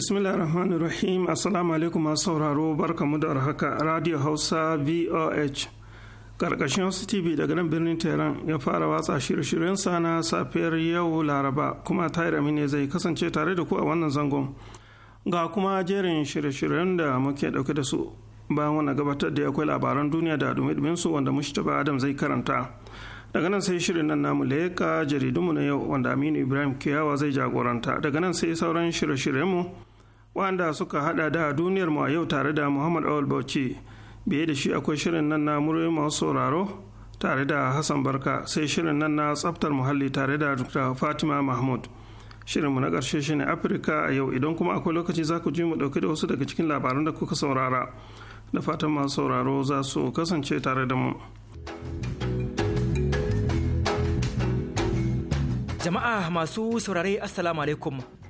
bismillah rahman rahim assalamu alaikum masu sauraro mu da arhaka radio hausa voh karkashin wasu tv daga nan birnin tehran ya fara watsa shirye-shiryen sa na safiyar yau laraba kuma tayar ne zai kasance tare da ku a wannan zangon ga kuma jerin shirye-shiryen da muke dauke da su bayan wani gabatar da akwai labaran duniya da dumi su wanda mushtaba adam zai karanta daga nan sai shirin nan namu leka jaridunmu na yau wanda aminu ibrahim kiyawa zai jagoranta daga nan sai sauran shirye shiryen mu. wanda suka hada da duniyar mu a yau tare da muhammad awal bauchi biye da shi akwai shirin nan na muryoyi masu sauraro tare da hassan barka sai shirin nan na tsaftar muhalli tare da dr fatima mahmud shirin mu na ƙarshe shine afirka a yau idan kuma akwai lokaci za ku ji mu dauke da wasu daga cikin labaran da kuka saurara da fatan masu sauraro za su kasance tare da mu jama'a masu saurare assalamu alaikum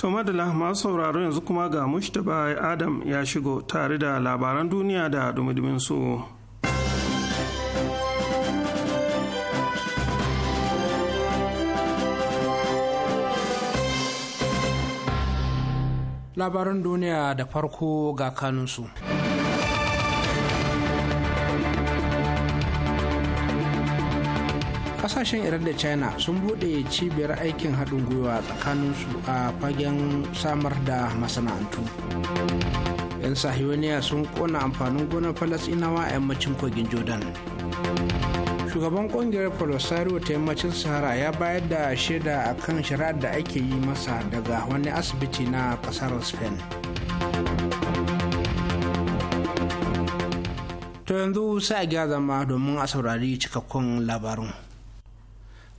To madala masu sauraro yanzu kuma ga Mushtaba Adam ya shigo tare da labaran duniya da dumidumin su. Labaran duniya da farko ga kanunsu. kasashen iran da china sun bude cibiyar aikin haɗin gwiwa tsakaninsu a fagen samar da masana'antu yan sahiyoniya sun kona amfanin gonar falasinawa a yammacin kogin jordan shugaban kungiyar polisario ta yammacin sahara ya bayar da shaida a kan shari'ar da ake yi masa daga wani asibiti na kasar spain To yanzu sai a gyara zama domin a saurari cikakkun labarin.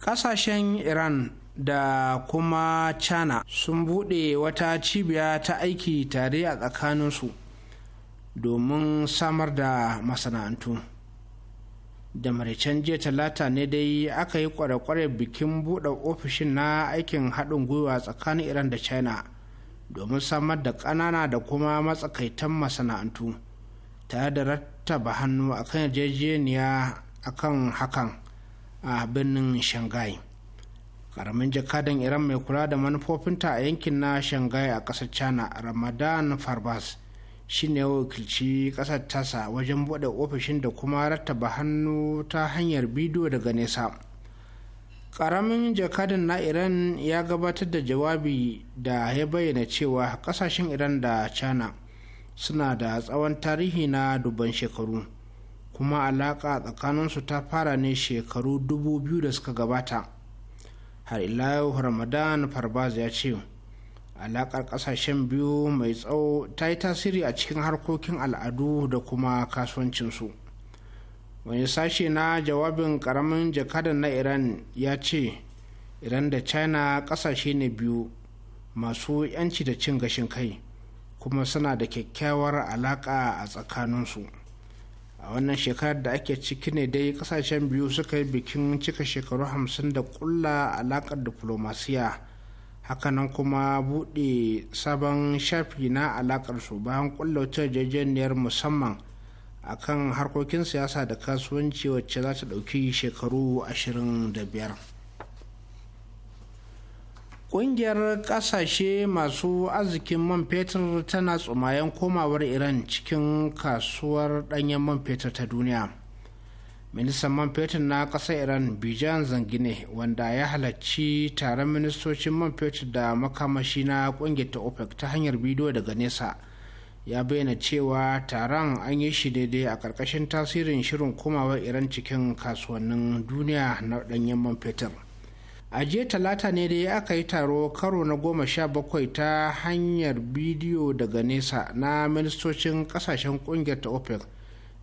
kasashen iran da kuma china sun buɗe wata cibiya ta aiki tare a tsakaninsu domin samar da masana'antu da maraicen jiya talata ne dai aka yi kware-kware bikin buɗe ofishin na aikin haɗin gwiwa tsakanin iran da china domin samar da ƙanana da kuma matsakaitan masana'antu tare da rattaba hannu akan yarjejeniya akan hakan a birnin shanghai karamin jakadan iran mai kula da manufofinta a yankin na shanghai a kasar china ramadan farbas shine ya wakilci kasar tasa wajen bude ofishin da kuma rattaba hannu ta hanyar bidiyo daga nesa karamin jakadan na iran ya gabatar da jawabi da ya bayyana cewa kasashen iran da china suna da tsawon tarihi na dubban shekaru kuma alaƙa tsakaninsu ta fara ne shekaru dubu biyu da suka gabata har ila ramadan farbaz ya ce alaƙar ƙasashen biyu mai tsawo ta yi tasiri a cikin harkokin al'adu da kuma kasuwancinsu wani sashe na jawabin ƙaramin jakadan na iran ya ce iran da china ƙasashe ne biyu masu 'yanci da cin gashin kai kuma suna da kyakkyawar alaƙa a tsakaninsu. a wannan shekarar da ake ciki ne dai kasashen biyu suka yi bikin cika shekaru hamsin da kulla alakar diflomasiya hakanan kuma buɗe sabon shafi na alakar su bayan kulla wata yarjejeniyar musamman a kan harkokin siyasa da kasuwanci wacce za ta ɗauki shekaru ashirin da biyar. Ƙungiyar ƙasashe masu arzikin man fetur tana tsumayen komawar Iran cikin kasuwar ɗanyen man fetur ta duniya. Ministan man fetur na ƙasar Iran Bijan Zangine wanda ya halarci taron ministocin man fetur da makamashi na ƙungiyar ta OPEC ta hanyar bidiyo daga nesa. ya bayyana cewa taron an yi shi daidai a ƙarƙashin tasirin shirin komawar iran cikin kasuwannin duniya na ɗanyen man fetur a jiya talata ne dai aka yi taro karo na goma sha bakwai ta hanyar bidiyo daga nesa na ministocin kasashen kungiyar ta opec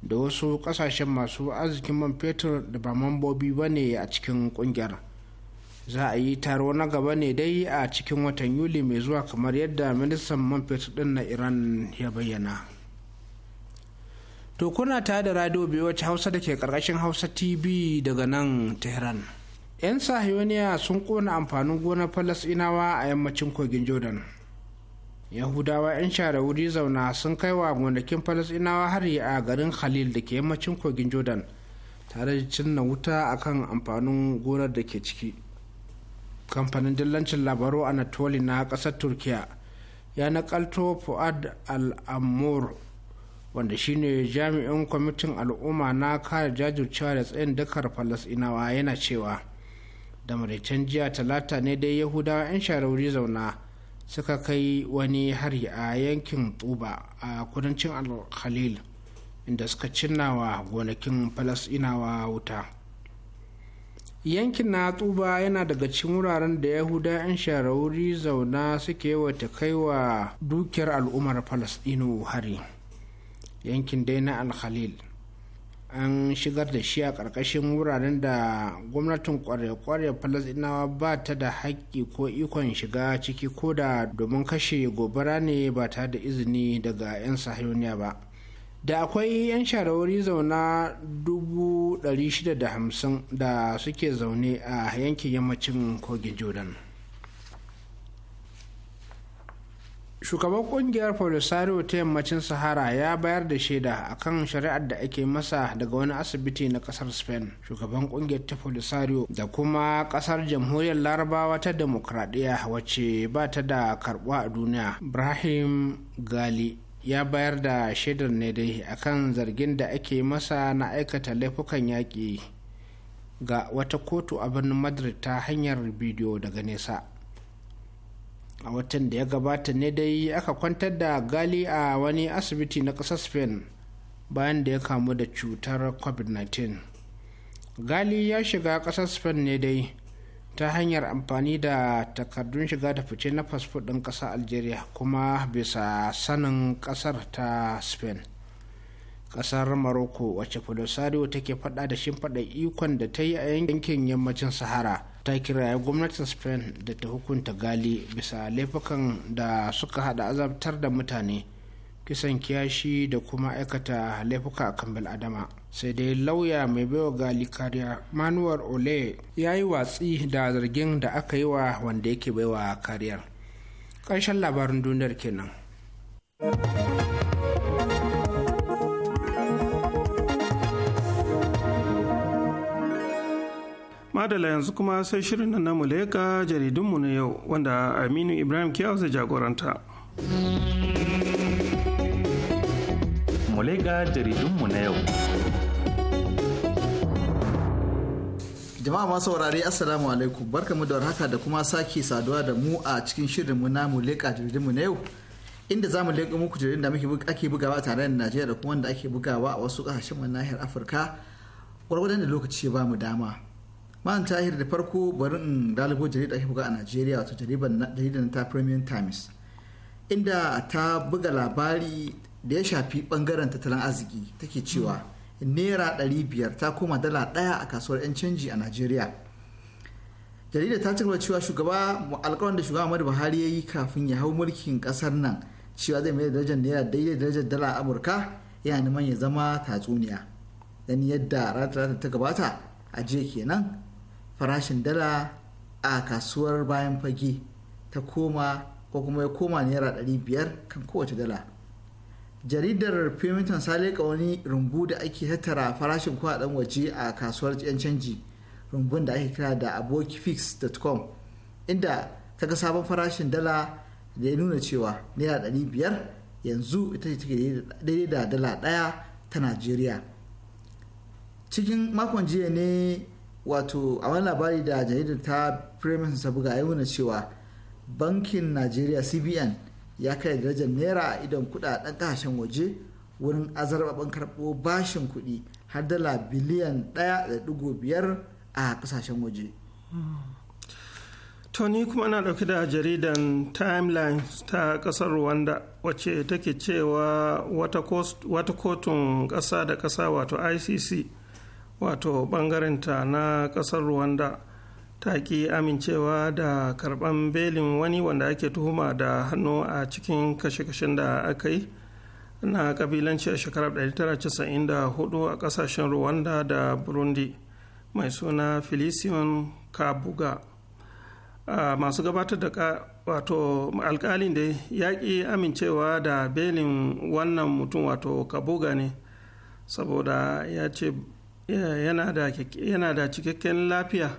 da wasu kasashen masu arzikin man fetur da ba mambobi ba ne a cikin kungiyar za a yi taro na gaba ne dai a cikin watan yuli mai zuwa kamar yadda ministan man fetur din na iran ya bayyana to kuna ta da radio biyu hausa da ke karkashin hausa tv daga nan tehran 'yan sahiyoniya sun kona amfanin gonar falasinawa a yammacin kogin jordan yahudawa 'yan share wuri zauna sun kai wa gonakin falasinawa hari a garin khalil da ke yammacin kogin jordan tare da cinna wuta akan amfanin gonar da ke ciki kamfanin dillancin labaru anatoli na ƙasar turkiya ya nakalto fuad al-amur wanda shine jami'in kwamitin al'umma na kare jajircewa da tsayin dakar falasinawa yana cewa da maraicen jiya talata ne dai yahudawa 'yan sharauri zauna suka kai wani hari a yankin tuba a kudancin al-khalil inda suka cinnawa gonakin falasinawa wuta yankin na tuba yana daga cikin wuraren da yahuda 'yan sharauri zauna suke wata wa dukiyar al'ummar falasɗinu hari yankin dai na al-khalil an shigar da shi a ƙarƙashin wuraren da gwamnatin kware-kware falasɗinawa ba ta da haƙƙi ko ikon shiga ciki ko da domin kashe gobara ne ba ta da izini daga 'yan sahiyoniya ba da akwai 'yan shawarwari zauna 650 da suke zaune a yankin yammacin kogin jordan shugaban kungiyar polisario ta yammacin sahara ya bayar da shaida akan shari'ar da ake masa daga wani asibiti na kasar spain shugaban kungiyar ta polisario da kuma kasar jamhuriyar larabawa ta demokradiyya wacce ba ta da karbuwa a duniya ibrahim gali ya bayar da shaidar ne dai akan zargin da ake masa na aikata laifukan yaƙi ga wata kotu a birnin madrid ta hanyar bidiyo daga nesa a watan da ya gabata ne dai aka kwantar da gali a wani asibiti na ƙasar spain bayan da ya kamu da cutar covid-19 gali ya shiga ƙasar spain ne dai ta hanyar amfani da takardun shiga da fice na fasfo ɗin ƙasa algeria kuma bisa sanin ƙasar ta spain ƙasar morocco wacce polisario take faɗa da shimfiɗa ikon da ta yi a yankin yammacin sahara ta kira gwamnatin spain da ta hukunta gali bisa laifukan da suka hada azabtar da mutane kisan kiyashi da kuma aikata laifuka a kan bil'adama sai dai lauya mai baiwa gali kariya manuwar ole ya yi watsi da zargin da aka yi wa wanda yake baiwa kariyar ƙarshen labarin duniyar kenan. madala yanzu kuma sai shirin na jaridun jaridunmu na yau wanda aminu ibrahim kiyawa zai jagoranta jaridun jaridunmu na yau jama'a masu wurare assalamu alaikum barkamu da warhaka da kuma sake saduwa da mu a cikin shirinmu na muleka jaridunmu na yau inda zamu mu muku jaridun da ake bugawa a tarayyar najeriya da kuma wanda ake bugawa a wasu ƙasashen nahiyar afirka gwargwadon da lokaci ba mu dama man tahir da farko barin in dalibo jarida ake buga a najeriya wato jaridar ta premium times inda ta buga labari da ya shafi bangaren tattalin arziki take cewa naira 500 ta koma dala daya a kasuwar 'yan canji a najeriya jarida ta cigaba cewa shugaba alkawarin da shugaba muhammadu buhari ya yi kafin ya hau mulkin kasar nan cewa zai mai da darajar naira daidai darajar dala amurka yana neman ya zama tatsuniya dan yadda rata ta gabata a jiya kenan farashin dala a kasuwar bayan fage ta koma ko kuma ya koma naira 500 kan kowace dala jaridar pemington saleka wani rumbu da ake tattara farashin ɗan waje a kasuwar yan canji rumbun da ake kira da abokifix.com inda ta ga sabon farashin dala da ya nuna cewa naira biyar yanzu ita take daidai da dala ɗaya ta najeriya cikin makon jiya ne wato a wani labari da jaridar ta premium ta buga ya cewa bankin najeriya cbn ya kai darajar naira a idon kudaden kasashen waje wurin azarbaban karɓo bashin kuɗi har dala biliyan 1.5 a kasashen waje tony kuma na dauki da jaridan timelines ta ƙasar rwanda wacce take cewa wata kotun kasa da kasa wato icc wato bangarenta na kasar rwanda ta ki amincewa da karban belin wani wanda ake tuhuma da hannu a cikin kashe-kashen da aka yi na kabilanci a shekarar 1994 a kasashen rwanda da burundi mai suna felician kabuga masu gabatar da wato alkalin da ya ki amincewa da belin wannan mutum wato kabuga ne saboda ya ce Eh, yana da cikakken lafiya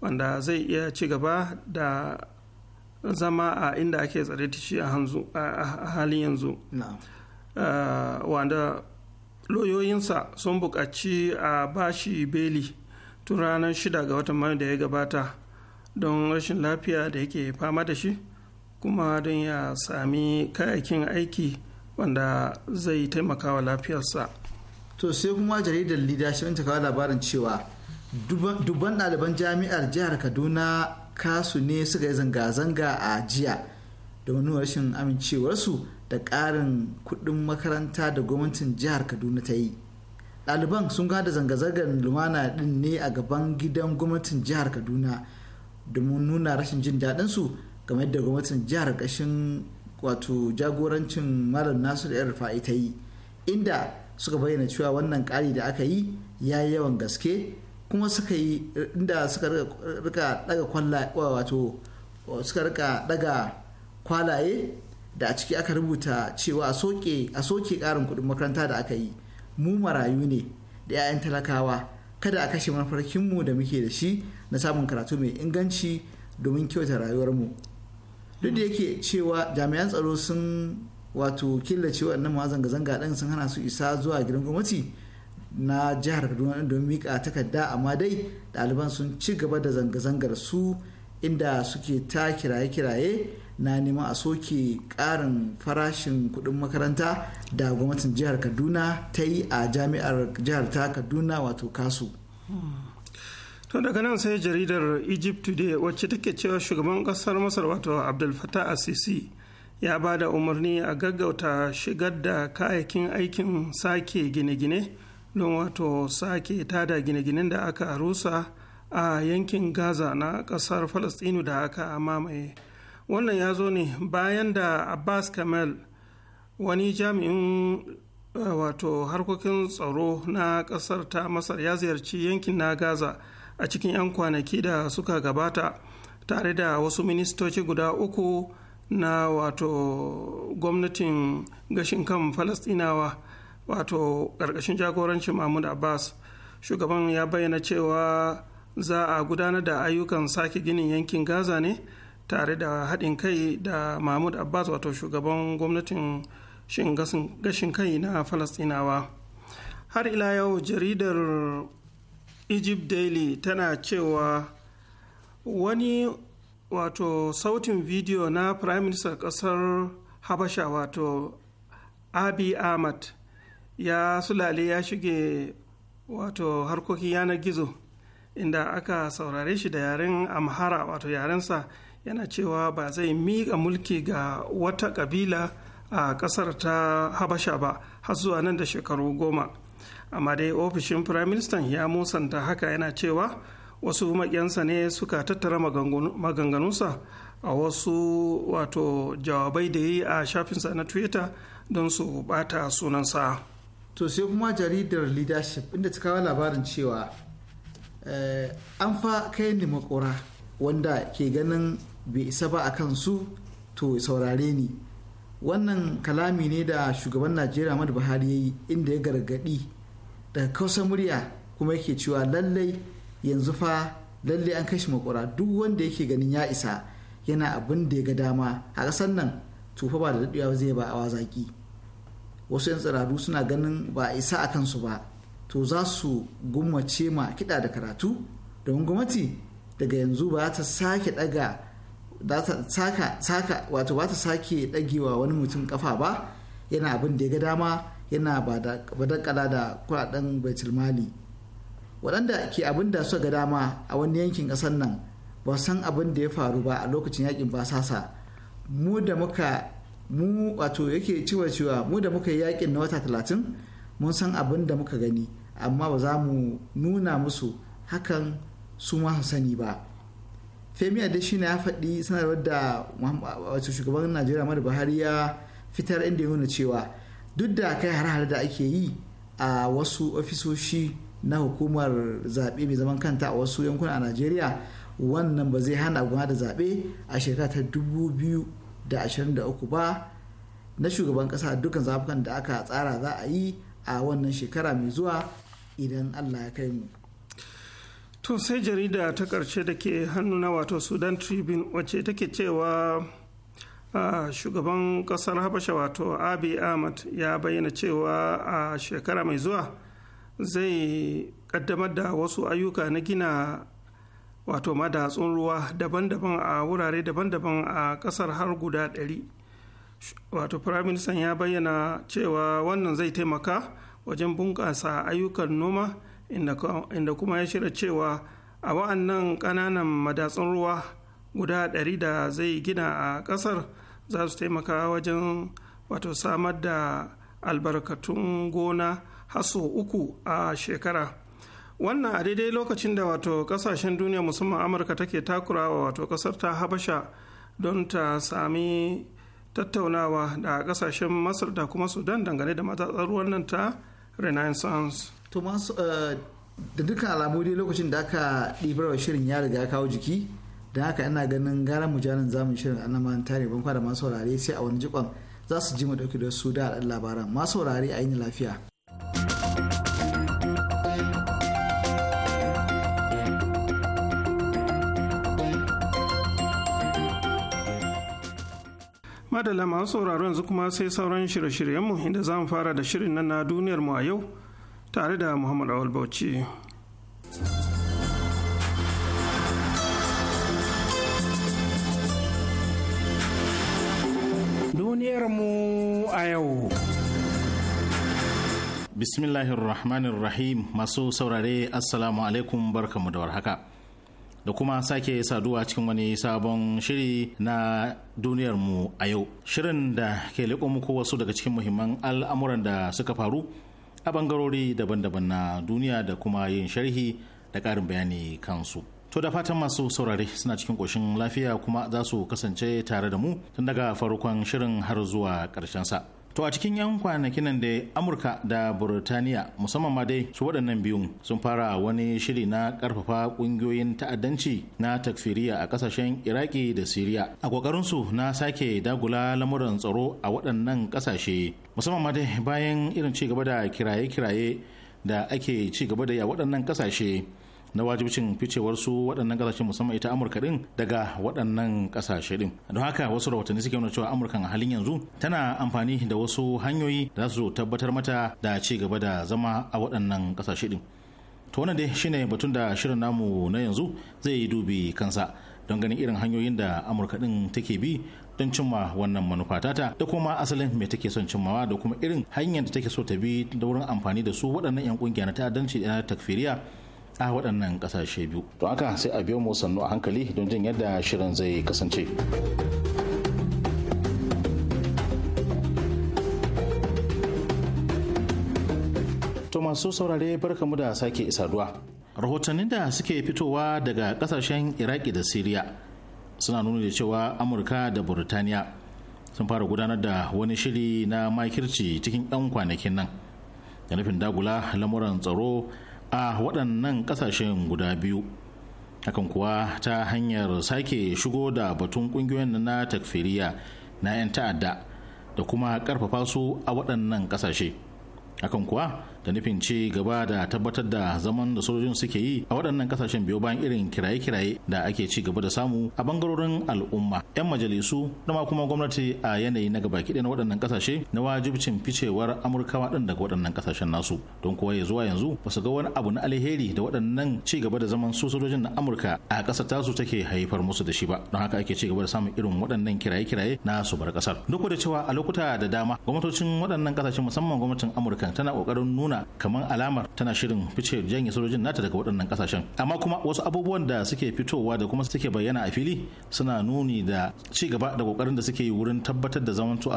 wanda zai iya ci gaba da zama a inda ake tsare ta shi a halin yanzu eh, wanda loyoyinsa sun buƙaci a bashi beli tun ranar shida ga watan mayu da ya gabata don rashin lafiya da yake fama da shi kuma don ya sami kayakin aiki wanda zai taimaka wa lafiyarsa to sai kuma jaridar leadership ta kawo labarin cewa dubban ɗaliban jami'ar jihar kaduna kasu ne suka yi zanga-zanga a jiya domin rashin amincewarsu da ƙarin kuɗin makaranta da gwamnatin jihar kaduna ta yi ɗaliban sun gada zanga-zangar lumana ɗin ne a gaban gidan gwamnatin jihar kaduna domin nuna rashin jin daɗinsu game da gwamnatin jihar ƙashin wato jagorancin malam nasiru 'yar rufa'i ta yi inda suka bayyana cewa wannan ƙari da aka yi ya yi yawan gaske kuma suka yi inda suka rika daga kwallaye wato suka rika daga kwalaye da a ciki aka rubuta cewa a soke karin kudin ƙarin kuɗin makaranta da aka yi mu marayu ne da 'ya'yan talakawa kada a kashe mafarkinmu da muke da shi na samun karatu mai inganci domin kyauta rayuwarmu duk da yake cewa jami'an tsaro sun wato killacewa waɗannan ma zanga-zanga ɗin sun hana su isa zuwa gidan gwamnati na jihar kaduna ɗin don miƙa takarda amma dai ɗaliban sun ci gaba da zanga-zangar su inda suke ta kiraye-kiraye na neman a soke ƙarin farashin kuɗin makaranta da gwamnatin jihar kaduna ta yi a jami'ar jihar ta kaduna wato kasu. to daga nan sai jaridar egypt today wacce take cewa shugaban kasar masar wato abdul fatah asisi ya ba da umarni a gaggauta shigar da kayakin aikin sake gine-gine don wato sake tada gine-ginen da aka rusa a yankin gaza na kasar falastinu da aka mamaye wannan ya zo ne bayan da abbas kamel wani jami'in eh, wato harkokin tsaro na kasar ta masar ya ziyarci yankin na gaza a cikin 'yan kwanaki da suka gabata tare da wasu ministoci guda uku na wato gwamnatin gashin kan falastinawa wato ƙarƙashin jagorancin mahmud abbas shugaban ya bayyana cewa za a gudanar da ayyukan sake ginin yankin gaza ne tare da haɗin kai da mahmud abbas wato shugaban gwamnatin gashin kai na falastinawa har ila yau jaridar egypt daily tana cewa wani wato sautin bidiyo na prime minister kasar habasha wato abi ahmad ya sulale ya shige wato harkokin yanar gizo inda aka saurare shi da yaren amhara wato yarensa yana cewa ba zai miƙa mulki ga wata ƙabila a ƙasar ta habasha ba har zuwa nan da shekaru goma amma dai ofishin firaministan ya musanta haka yana cewa wasu maƙiyansa ne suka tattara maganganunsa a wasu wato jawabai da yi a shafinsa na twitter don su bata sunansa to sai kuma jaridar leadership inda ta kawo labarin cewa eh, an fa kai ni makora wanda ke ganin bai isa ba a kan su to saurare ni wannan kalami ne da shugaban najeriya madu buhari ya yi inda ya gargadi daga kausa murya kuma yake cewa lallai yanzu fa lalle an kai shi makura duk wanda yake ganin ya isa yana abin da ya ga dama a ƙasar nan tufa ba da daɗewa zai ba a wazaki wasu 'yan tsiraru suna ganin ba a isa a kansu ba to za su gummace ma kiɗa da karatu domin gwamnati daga yanzu ba ta sake daga saka wato ba ta sake dagewa wani mutum kafa ba yana abin da ya ga dama yana ba da da kuɗaɗen baitulmali waɗanda ke abin da suka ga dama a wani yankin ƙasar nan ba san abin da ya faru ba a lokacin yakin basasa mu da muka mu wato yake cewa cewa mu da muka yi yakin na wata talatin mun san abin da muka gani amma ba za mu nuna musu hakan su ma sani ba femi a shi ya faɗi sanarwar da wato shugaban najeriya mara buhari ya fitar inda ya nuna cewa duk da kai har da ake yi a wasu ofisoshi na hukumar zaɓe mai zaman kanta a wasu yankuna a najeriya wannan ba zai hana gwamnati da zaɓe a shekara ta dubu biyu da da ashirin uku ba na shugaban ƙasa dukkan zaɓukan da aka tsara za a yi a wannan shekara mai zuwa idan allah ya kai mu to sai jarida ta ƙarshe da ke hannu na wato sudan tribune wacce take cewa shugaban kasar habasha wato abi ahmad ya bayyana cewa a shekara mai zuwa zai kaddamar da wasu ayyuka na gina wato madatsun ruwa daban-daban a wurare daban-daban a kasar har guda 100 wato firaministan ya bayyana cewa wannan zai taimaka wajen bunƙasa ayyukan noma inda kuma ya shirya cewa a wa'annan ƙananan madatsun ruwa guda 100 da zai gina a ƙasar za su taimaka wajen wato samar da albarkatun gona haso uku a shekara wannan a daidai lokacin da wato kasashen duniya musamman amurka take takurawa wato kasar ta habasha don ta sami tattaunawa da kasashen masar da kuma sudan dangane da matsatsar wannan ta renaissance Thomas, eh, da dukkan alamu dai lokacin da aka ɗibar shirin ya riga kawo jiki da haka ina ganin gara mu janin zamu shirin a nan tare ban da masu saurare sai a wani jikon za su ji mu dauki da su da labaran masu saurare a yi lafiya madalla masu sauraro yanzu kuma sai sauran shirye-shiryenmu inda za mu fara da shirin nan na duniyar mu a yau tare da muhammad awal bauchi duniyar mu a yau bismillahirrahmanirrahim masu saurare assalamu alaikum barkamu da warhaka da kuma sake saduwa cikin wani sabon shiri na duniyarmu a yau. Shirin da ke leƙo muku wasu daga cikin muhimman al'amuran da suka faru a bangarori daban-daban na duniya da kuma yin sharhi da ƙarin bayani kansu. To da fatan masu saurare suna cikin ƙoshin lafiya kuma za su kasance tare da mu tun daga farkon shirin har zuwa ƙarshen sa. To a cikin 'yan kwanakin nan da Amurka da Burtaniya musamman ma dai su waɗannan biyun sun fara wani shiri na ƙarfafa ƙungiyoyin ta'addanci na takfiriya a ƙasashen Iraki da Siriya. A ƙoƙarinsu na sake dagula lamuran tsaro a waɗannan ƙasashe musamman ma dai bayan irin ci gaba da kiraye-kiraye da ake ci gaba da yi a waɗannan ƙasashe. na wajibcin ficewar su waɗannan ƙasashen musamman ita amurka din daga waɗannan ƙasashe din don haka wasu rahotanni suke nuna cewa amurkan a halin yanzu tana amfani da wasu hanyoyi da za su tabbatar mata da ci gaba da zama a waɗannan ƙasashe din to wannan dai shine batun da shirin namu na yanzu zai yi dubi kansa don ganin irin hanyoyin da amurka din take bi don cimma wannan manufa tata da kuma asalin me take son cimmawa da kuma irin hanyar da take so ta bi da wurin amfani da su waɗannan 'yan kungiya na ta'addanci na takfiriya a waɗannan ƙasashe biyu to haka sai a biyo mu sannu a hankali don jin yadda shirin zai kasance to masu saurare barkamu da sake saduwa rahotannin da suke fitowa daga ƙasashen iraki da siriya suna nuna da cewa amurka da burtaniya sun fara gudanar da wani shiri na makirci cikin 'yan kwanakin nan da nufin dagula lamuran tsaro a waɗannan ƙasashen guda biyu akan kuwa ta hanyar sake shigo da batun ƙungiyoyin na takfiriya na 'yan ta'adda da kuma ƙarfafa su a waɗannan ƙasashe hakan kuwa da nufin ci gaba da tabbatar da zaman da sojojin suke yi a waɗannan kasashen biyu bayan irin kiraye-kiraye da ake ci gaba da samu a bangarorin al'umma 'yan majalisu da ma kuma gwamnati a yanayi na gaba kiɗaya na waɗannan kasashe na wajibcin ficewar amurkawa ɗin daga waɗannan kasashen nasu don kuwa ya zuwa yanzu ba su ga wani abu na alheri da waɗannan ci gaba da zaman su sojojin na amurka a ƙasa tasu take haifar musu da shi ba don haka ake ci gaba da samun irin waɗannan kiraye-kiraye na su bar kasar. duk da cewa a lokuta da dama gwamnatocin waɗannan kasashe musamman gwamnatin amurka tana ƙoƙarin nuna nuna kamar alamar tana shirin fice janye sojojin nata daga waɗannan kasashen amma kuma wasu abubuwan da suke fitowa da kuma suke bayyana a fili suna nuni da ci gaba da kokarin da suke yi wurin tabbatar da zaman su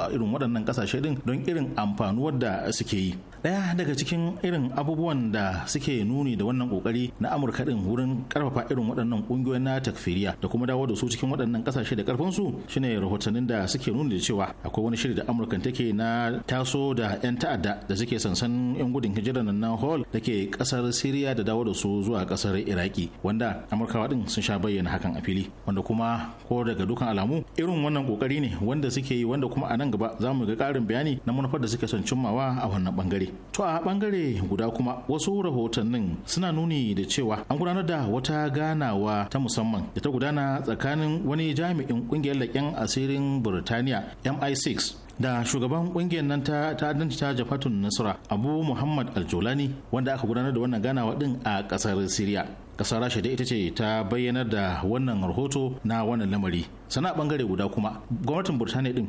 a irin waɗannan kasashe din don irin amfanuwar da suke yi ɗaya daga cikin irin abubuwan da suke nuni da wannan kokari na amurka din wurin karfafa irin waɗannan ƙungiyoyin na takfiriya da kuma dawo da su cikin waɗannan kasashe da karfin su shine rahotannin da suke nuni da cewa akwai wani shiri da amurka take na taso da 'yan ta'adda da suke sansan 'yan gudun hijira na hall da ke kasar siriya da dawo da su zuwa kasar iraki wanda amurkawa din sun sha bayyana hakan a fili wanda kuma ko daga dukan alamu irin wannan kokari ne wanda suke yi wanda kuma a nan gaba za mu ga karin bayani na manufar da suke son cimmawa a wannan bangare to a bangare guda kuma wasu rahotannin suna nuni da cewa an gudanar da wata ganawa ta musamman da ta gudana tsakanin wani jami'in kungiyar laƙen asirin burtaniya mi6 da shugaban kungiyar nan ta ta'addanci ta jafatun nasra abu muhammad aljolani wanda aka gudanar da wannan ganawa din a kasar siriya kasar rasha da ita ce ta bayyanar da wannan rahoto na wannan lamari sana bangare guda kuma gwamnatin burtaniya din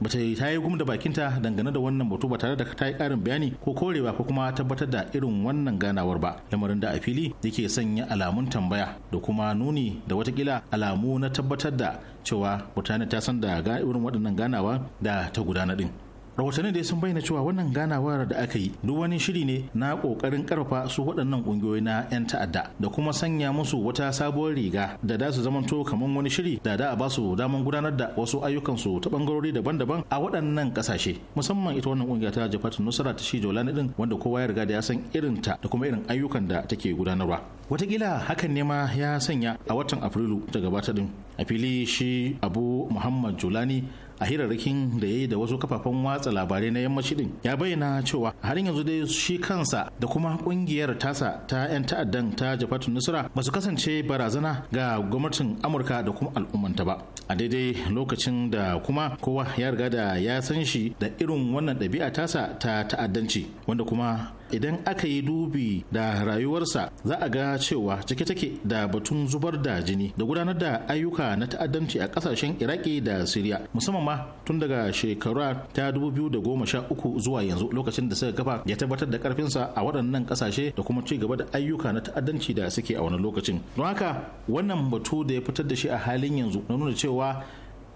bata ta yi gum da bakinta dangane da wannan batu ba tare da ta yi karin bayani ko korewa ko kuma tabbatar da irin wannan ganawar ba lamarin da a fili yake sanya alamun tambaya da kuma nuni da watakila alamu na tabbatar da cewa mutane ta san da irin waɗannan ganawa da ta gudana din rahotannin dai sun bayyana cewa wannan ganawar da aka yi duk wani shiri ne na kokarin karfa su waɗannan kungiyoyi na 'yan ta'adda da kuma sanya musu wata sabuwar riga da da su zamanto kamar wani shiri da da a ba su daman gudanar da wasu ayyukansu ta bangarori daban-daban a waɗannan ƙasashe musamman ita wannan kungiya ta Jafatu Nusra ta Shijo Lani din wanda kowa ya riga da ya san irin ta da kuma irin ayyukan da take gudanarwa watakila hakan ne ma ya sanya a watan Afrilu ta gabata din a fili shi Abu Muhammad Julani a hirarrakin da ya yi da wasu kafafen watsa labarai na yammaci din ya bayyana cewa har yanzu dai shi kansa da kuma kungiyar tasa ta 'yan ta'addan ta jafatun nusra ba su kasance barazana ga gwamnatin amurka da kuma al'ummanta ba a daidai lokacin da kuma kowa ya riga da ya san shi da irin wannan ɗabi'a tasa ta ta'addanci wanda kuma idan aka yi dubi da rayuwarsa za a ga cewa cike take da batun zubar da jini da gudanar da ayyuka na ta'addanci a kasashen iraki da siriya musamman ma tun daga shekara ta uku zuwa yanzu lokacin da suka kafa ya tabbatar da karfinsa a waɗannan kasashe da kuma ci gaba da ayyuka na ta'addanci da suke a wani lokacin don haka wannan batu da ya fitar da shi a halin yanzu na nuna cewa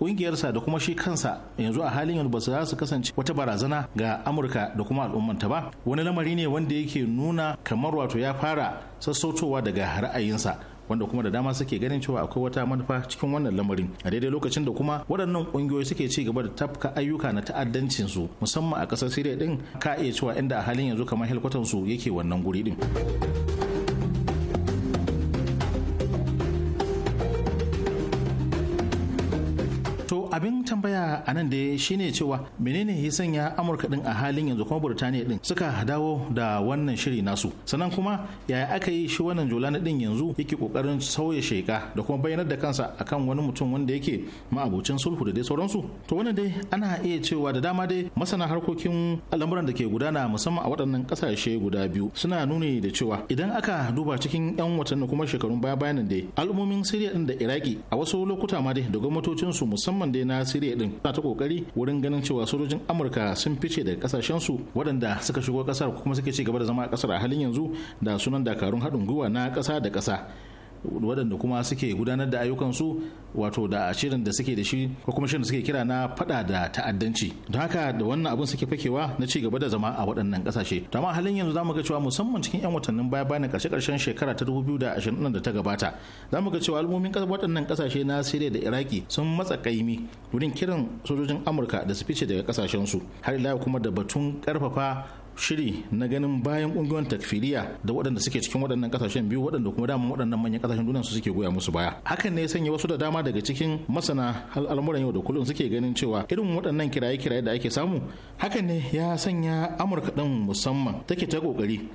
kungiyarsa da kuma shi kansa yanzu a halin yanzu ba su za su kasance wata barazana ga amurka da kuma al'ummanta ba wani lamari ne wanda yake nuna kamar wato ya fara sassautowa daga ra'ayinsa wanda kuma da dama suke ganin cewa akwai wata manufa cikin wannan lamarin a daidai lokacin da kuma waɗannan ƙungiyoyi suke ci gaba da tafka ayyuka na ta'addancin su musamman a ƙasar siriya din ka iya cewa inda a halin yanzu kamar helkwatan su yake wannan guri din a nan dai shine cewa menene ya sanya Amurka din a halin yanzu kuma Burtaniya din suka dawo da wannan shiri nasu. Sannan kuma yaya aka yi shi wannan Jolani din yanzu yake kokarin sauya sheka da kuma bayyanar da kansa akan wani mutum wanda yake ma'abucin sulhu da dai sauransu. To wannan dai ana iya cewa da dama dai masana harkokin al'amuran da ke gudana musamman a waɗannan ƙasashe guda biyu suna nuni da cewa idan aka duba cikin 'yan watanni kuma shekarun baya bayanan dai al'ummomin siriya din da iraki a wasu lokuta ma dai da gwamnatocinsu musamman dai na siriya din suna ta kokari wurin ganin cewa sojojin amurka sun fice daga kasashen su waɗanda suka shigo kasar kuma suke ci gaba da zama a kasar a halin yanzu da sunan dakarun haɗin gwiwa na ƙasa da ƙasa waɗanda kuma suke gudanar da ayyukansu wato da shirin da suke da shi ko kuma shirin da suke kira na faɗa da ta'addanci don haka da wannan abin suke fakewa na ci gaba da zama a waɗannan ƙasashe to amma halin yanzu zamu ga cewa musamman cikin yan watannin baya bayan ƙarshe ƙarshen shekara ta 2020 da ta gabata zamu ga cewa al'ummomin waɗannan ƙasashe na Siriya da Iraki sun matsa kaimi wurin kiran sojojin Amurka da su fice daga ƙasashen su har ila kuma da batun ƙarfafa shiri na ganin bayan kungiyoyin takfiriya da waɗanda suke cikin waɗannan kasashen biyu waɗanda kuma dama waɗannan manyan kasashen duniya su suke goya musu baya hakan ne ya sanya wasu da dama daga cikin masana al'amuran yau da kullum suke ganin cewa irin waɗannan kiraye-kiraye da ake samu hakan ne ya sanya amurka ɗin musamman take ta ƙoƙari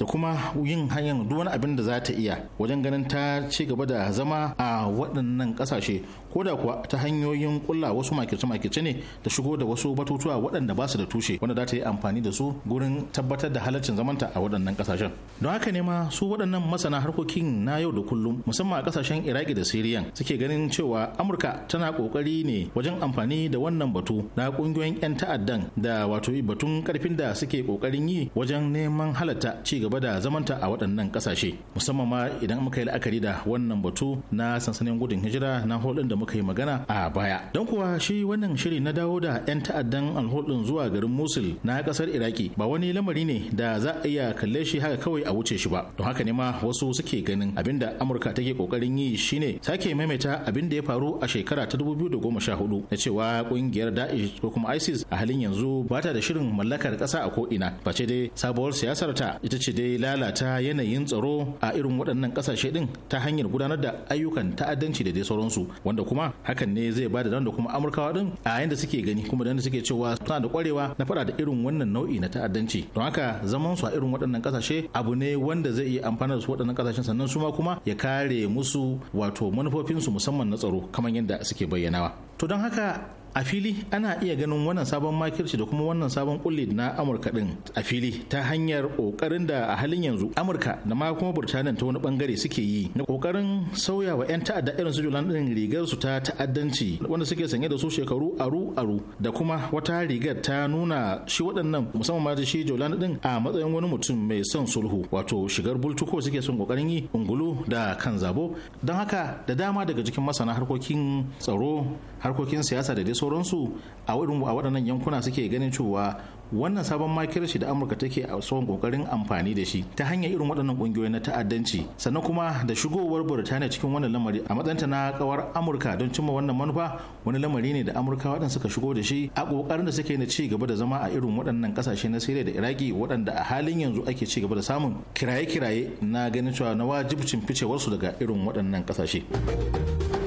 da kuma yin hanyar duk wani abin da za ta iya wajen ganin ta ci gaba da zama a waɗannan ƙasashe ko da kuwa ta hanyoyin kulla wasu makirce-makirce ne da shigo da wasu batutuwa waɗanda ba su da tushe wanda za ta yi amfani da su gurin tabbatar da halaccin zamanta a waɗannan ƙasashen don haka ne ma su waɗannan masana harkokin na yau da kullum musamman a ƙasashen iraki da siriyan suke ganin cewa amurka tana ƙoƙari ne wajen amfani da wannan batu na ƙungiyoyin 'yan ta'addan da wato batun ƙarfin da suke ƙoƙarin yi wajen neman halatta ci gaba gaba da zamanta a waɗannan ƙasashe musamman ma idan muka yi la'akari da wannan batu na sansanin gudun hijira na hulɗin da muka yi magana a baya don kuwa shi wannan shiri na dawo da 'yan ta'addan alhulɗin zuwa garin musul na ƙasar iraki ba wani lamari ne da za a iya kalle shi haka kawai a wuce shi ba don haka ne ma wasu suke ganin abinda amurka take ƙoƙarin yi shine sake maimaita abin da ya faru a shekara ta dubu biyu goma sha hudu? na cewa ƙungiyar da'ish ko kuma isis a halin yanzu bata da shirin mallakar ƙasa a ko ina face dai sabuwar siyasar ta ita ce dai lalata yanayin tsaro a irin waɗannan ƙasashe ɗin ta hanyar gudanar da ayyukan ta'addanci da dai sauransu wanda kuma hakan ne zai bada da kuma amurkawa ɗin a yanda suke gani kuma da suke cewa suna da ƙwarewa na faɗa da irin wannan nau'i na ta'addanci don haka zaman su a irin waɗannan ƙasashe abu ne wanda zai iya amfana da su waɗannan ƙasashen sannan su ma kuma ya kare musu wato manufofinsu musamman na tsaro kamar yadda suke bayyanawa to don haka a fili ana iya ganin wannan sabon makirci da kuma wannan sabon kulle na amurka din a fili ta hanyar kokarin da a halin yanzu amurka da ma kuma burtaniya ta wani bangare suke yi na kokarin sauya wa 'yan ta'adda irin su julan din rigar su ta ta'addanci wanda suke sanye da su shekaru aru aru da kuma wata rigar ta nuna shi waɗannan musamman ma da shi julan din a matsayin wani mutum mai son sulhu wato shigar bultuko suke son kokarin yi ungulu da kan zabo don haka da dama daga cikin masana harkokin tsaro harkokin siyasa da dai sauransu a waɗannan yankuna suke ganin cewa wannan sabon shi da amurka take a tsohon kokarin amfani da shi ta hanyar irin waɗannan ƙungiyoyi na ta'addanci sannan kuma da shigowar burtaniya cikin wannan lamari a matsayinta na kawar amurka don cimma wannan manufa wani lamari ne da amurka waɗanda suka shigo da shi a ƙoƙarin da suke na ci gaba da zama a irin waɗannan ƙasashe na siriya da iraki waɗanda a halin yanzu ake ci gaba da samun kiraye-kiraye na ganin cewa na wajibcin ficewarsu daga irin waɗannan ƙasashe.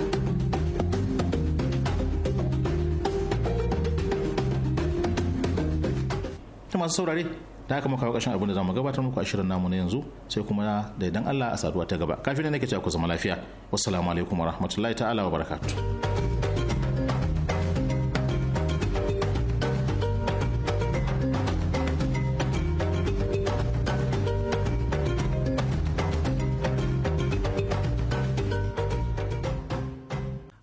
masu saurare da haka muka a abin da zamu gabatar muku a shirin namu na yanzu sai kuma da idan Allah a saduwa ta gaba kafin nake cewa ku zama lafiya wassalamu alaikum warahmatullahi ta'ala barakatu.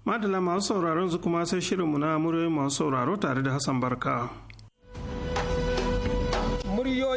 Madala masu sauraron su kuma sai shirinmu na muryoyin masu sauraro tare da Hassan Barka.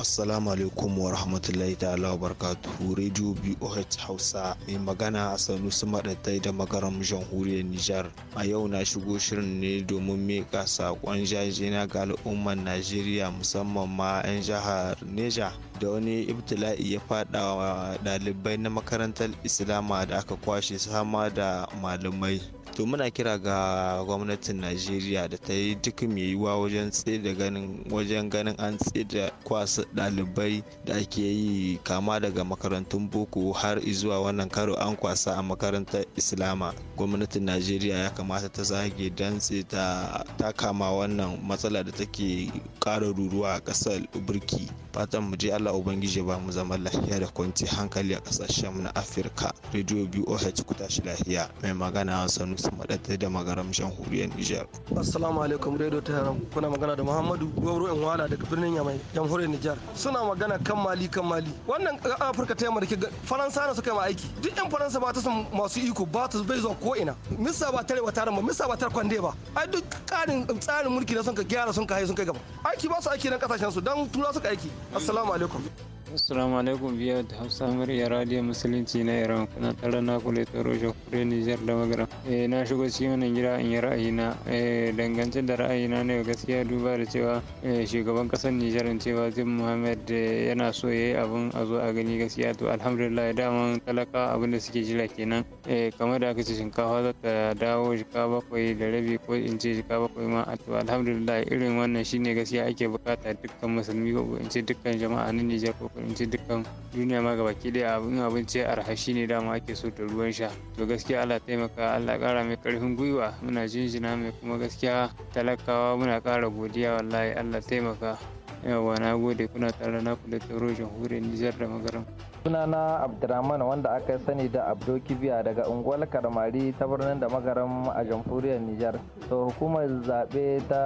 Assalamu alaikum wa rahmatullahi ta'ala wa barakatuhu Radio BOH Hausa mai magana a Sanusi Maɗatai da magaram jamhuriyar Nijar. A yau na shigo shirin ne domin mika saƙon jajena ga al'ummar Najeriya musamman ma 'yan jihar Neja da wani ibtila'i ya faɗawa ɗalibai na makarantar Islama da aka kwashe sama da malamai. to muna kira ga gwamnatin najeriya da ta yi duk mai yiwuwa wajen da ganin wajen ganin an tsida kwasa ɗalibai da ake yi kama daga makarantun boko har izuwa wannan karo an kwasa a makarantar islama gwamnatin najeriya ya kamata ta zage dantse ta kama wannan matsala da take ƙara ruruwa a ƙasar burki fatan mu je allah ubangiji ba mu zama lafiya da kwanci hankali a ƙasashen na afirka radio boh ku tashi lafiya mai magana a sanusi maɗaɗe da magaram huriyar nijar assalamu alaikum radio ta kuna magana da muhammadu gwamnatin wala daga birnin yamai jamhuriyar nijar Nijar suna magana kan Mali kan Mali wannan Afirka ta yamma da ke Faransa ne suka yi ma aiki duk yan Faransa ba ta san masu iko ba ta bai zuwa ko ina misa ba tare wata ba misa ba tare kwande ba ai duk tsarin tsarin mulki da sun ka gyara sun ka haye sun kai gaba aiki ba su aiki nan kasashen su dan tura suka aiki assalamu alaikum Assalamu alaikum biya da Hausa murya Radio Musulunci na Iran kuna tare na kule tsoro Jakure Nijar da Magara. Eh, na shigo cikin wannan gida in yi ra'ayina na. Eh, dangance da ra'ayina ne gaskiya duba da cewa eh, shugaban kasar Nijar cewa Zim Muhammad yana so ya yi abun a zo a gani gaskiya to alhamdulillah daman talaka abin da suke jira kenan. kamar da aka ce shinkafa za ta dawo jika bakwai da rabi ko in ce jika bakwai ma a to alhamdulillah irin wannan shine gaskiya ake bukata dukkan musulmi ko in ce dukkan jama'a na Nijar ko abinci dukkan duniya ma ga baki daya abin abinci arhashi ne dama ake so da ruwan sha to gaskiya Allah taimaka Allah kara mai karfin gwiwa muna jinjina mai kuma gaskiya talakawa muna kara godiya wallahi Allah taimaka yawa na gode kuna tare na ku da tsaro jamhuriyar Nijar da magaram. sunana abdulrahman wanda aka sani da abdo kibiya daga unguwar karmari ta birnin da magaram a jamhuriyar nijar to hukumar zaɓe ta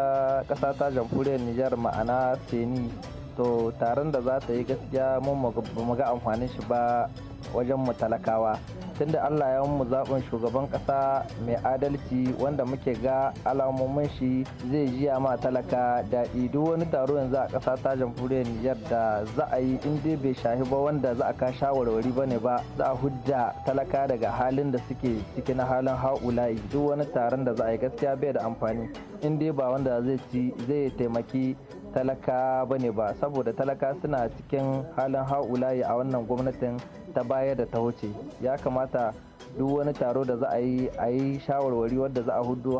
ƙasa ta jamhuriyar nijar ma'ana seni to taron da za ta yi gaskiya mun mu ga amfanin shi ba wajen mu talakawa tunda allah ya mu zabin shugaban kasa mai adalci wanda muke ga alamomin shi zai jiya ma talaka daɗi duk wani taro yanzu a kasa ta jamhuriyar nijar da za a yi in dai bai shahi ba wanda za a ka shawarwari ba ne ba za a hudda talaka daga halin da suke ciki na halin haulayi duk wani taron da za a yi gaskiya bai da amfani in dai ba wanda zai ci zai taimaki talaka ba ne ba saboda talaka suna cikin halin layi a wannan gwamnatin ta baya da ta wuce ya kamata duk wani taro da za a yi a yi shawarwari wadda za a hudu